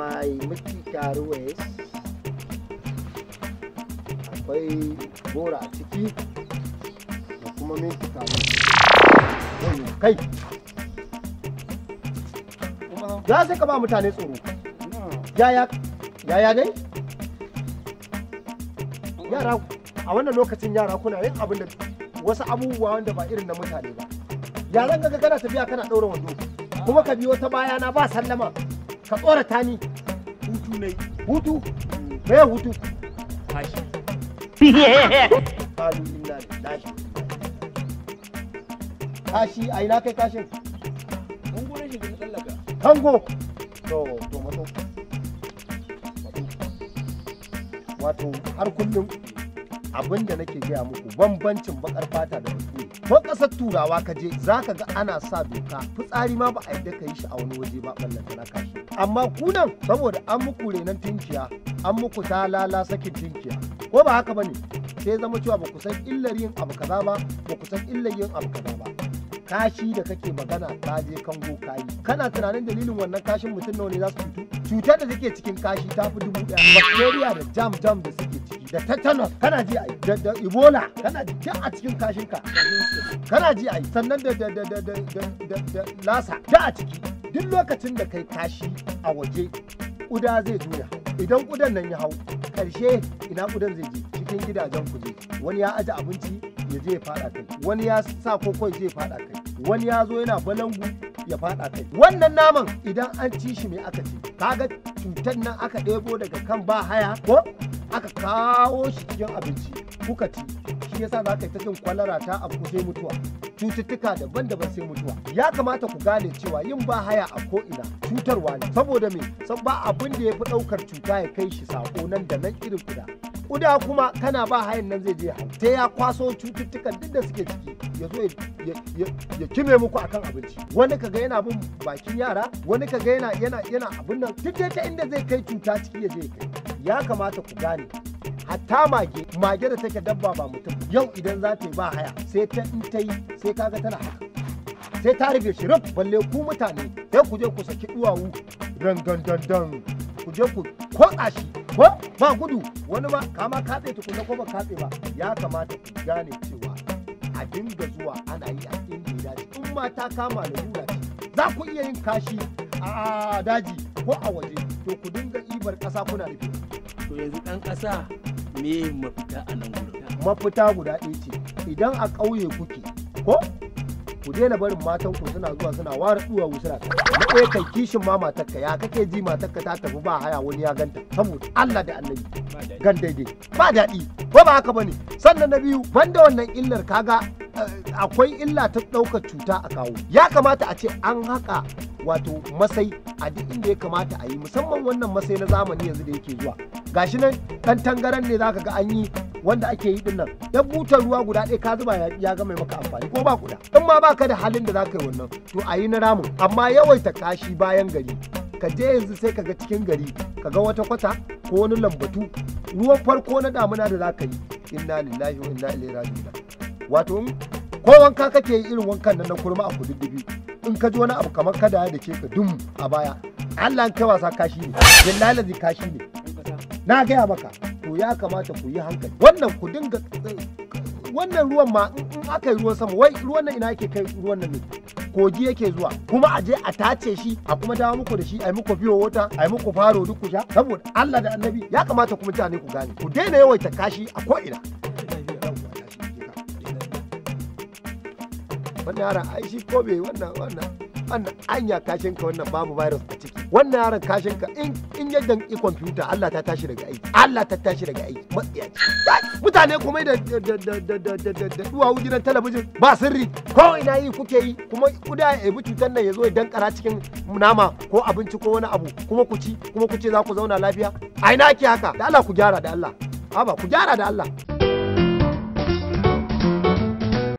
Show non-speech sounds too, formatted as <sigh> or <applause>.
mai my mosquito waste akwai bora a ciki da kuma minti kamun kai ya sai ka ba mutane tsoro yaya yaya ne yara a wannan lokacin yara kuna yin abin da wasu abubuwa wanda ba irin na mutane ba yaran ga kana tafiya kana ɗaura wando kuma ka bi wata bayana ba sallama ka tsorata ni hutu ne hutu me hutu <laughs> a ina kai kashin kango ne tsallaka kango to mato wato har kullum abin da nake gaya muku bambancin bakar fata da bature ko ƙasar turawa ka je za ka ga ana sa doka fitsari ma ba a yadda ka yi shi a wani waje ba ta na kashi amma kunan saboda an muku renon tinkiya an muku ta lala sakin tinkiya ko ba haka bane sai zama cewa ba ku san illar yin abu kaza ba ba ku san illar yin abu kaza ba kashi da kake magana ka je kango kayi kana tunanin dalilin wannan kashin mutum nawa ne za su cutu cutar da take cikin kashi ta fi dubu ɗaya bacteria da jam jam da suke ciki da tetanus kana ji a da da ebola kana ji a cikin kashin ka kana ji ai sannan da da da da da da da lasa duk a ciki duk lokacin da kai kashi a waje kuda zai zo juya idan kudan nan ya hau ƙarshe ina kudan zai je cikin gidajen kuje wani ya aje abinci ya je ya faɗa kai wani ya sa kokon zai faɗa kai wani ya zo yana balangu ya faɗa kai wannan naman idan an ci shi me aka ka kaga cutar nan aka ɗebo daga kan ba haya ko aka kawo shi cikin abinci kuka ci shi yasa za ka yi ta jin kwalara ta abu sai mutuwa cututtuka daban-daban sai mutuwa ya kamata ku gane cewa yin ba haya a ina cutarwa ne saboda me san ba abin da ya fi ɗaukar cuta ya kai shi sako nan da nan irin kuda kuda kuma kana ba hayan nan zai je ta ya kwaso cututtukan duk da suke ciki ya zo ya kime muku akan abinci wani kaga yana bin bakin yara wani kaga yana yana yana abin nan duk ta inda zai kai cuta ciki ya je kai ya kamata ku gane hatta mage mage da take dabba ba mutum yau idan za ta yi ba haya sai ta in ta yi sai kaga tana haka sai ta rufe shi rub balle ku mutane sai ku je ku saki duwawu dan ku je ku kwatsa shi ko ba gudu wani ba kama katse tukuna ko ba katse ba ya kamata ku gane cewa a dinga zuwa ana yi a cikin daji in ma ta kama da lalura ce za ku iya yin kashi a daji ko a waje to ku dinga ibar ƙasa kuna rufe to yanzu ɗan ƙasa me mafita a nan gurin mafita guda ɗaya ce idan a ƙauye kuke ko ku daina barin matan ku suna zuwa suna ware duwa wusura na ɗaya kai kishin ma matarka ya kake ji matarka ta tafi ba haya wani ya ganta saboda Allah da annabi gan daidai ba daɗi ko ba haka bane sannan na biyu banda wannan illar kaga eh, akwai illa ta ɗaukar cuta a kawo ya kamata a ce an haka wato masai a duk inda ya kamata a yi musamman wannan masai na zamani yanzu da yake zuwa gashi nan ɗan tangaran ne zaka ga an yi wanda ake yi dinnan dan butar ruwa guda ɗaya ka zuba ya ga mai maka amfani ko ba kuɗa in ma baka da halin da zaka yi wannan to a yi na ramin amma yawaita kashi bayan gari ka je yanzu sai ka ga cikin gari ka ga wata kwata ko wani lambatu ruwan farko na damuna da zaka yi inna lillahi wa inna ilaihi raji'un wato ko wanka kake yi irin wankan nan na kurma a dubi? in ka ji wani abu kamar kada da ke ka dum a baya Allah kai wasa kashi ne billahi kashi ne na gaya maka to ya kamata ku yi hankali wannan ku dinga wannan ruwan ma in aka yi ruwan sama wai ruwan nan ina yake kai ruwan nan ne kogi yake zuwa kuma a je a tace shi a kuma dawo muku da shi a yi muku biyo wata a yi muku faro duk ku sha saboda Allah da Annabi ya kamata ku mutane ku gane ku daina yawaita kashi a ko ina wannan yaran ai shi ko bai wannan wannan an anya kashin ka wannan babu virus a ciki wannan yaron kashin ka in in ya danki kwamfuta Allah ta tashi daga aiki Allah ta tashi daga aiki matsiya mutane kuma da da da da da duwawu gidan talabijin ba sirri ko ina yi kuke yi kuma kuda ya ebi cutar nan ya zo ya dankara cikin nama ko abinci ko wani abu kuma ku ci kuma ku ce za ku zauna lafiya a ina ake haka da Allah ku gyara da Allah haba ku gyara da Allah